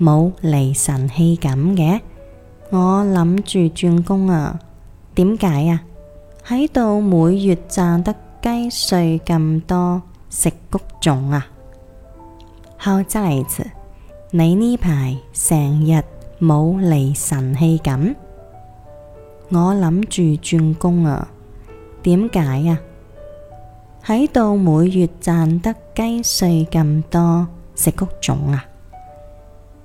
冇嚟神氣咁嘅，我諗住轉工啊。點解啊？喺度每月賺得雞碎咁多食穀種啊。孝仔，你呢排成日冇嚟神氣咁，我諗住轉工啊。點解啊？喺度每月賺得雞碎咁多食穀種啊。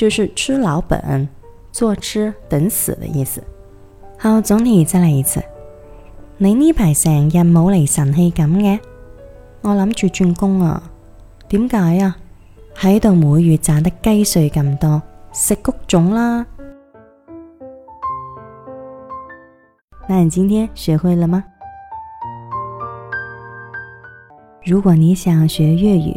就是吃老本、坐吃等死的意思。好，總體再來一次。你呢排成日冇嚟神氣咁嘅？我諗住轉工啊。點解啊？喺度每月賺得雞碎咁多，食穀種啦。那你今天學會了嗎？如果你想學粵語。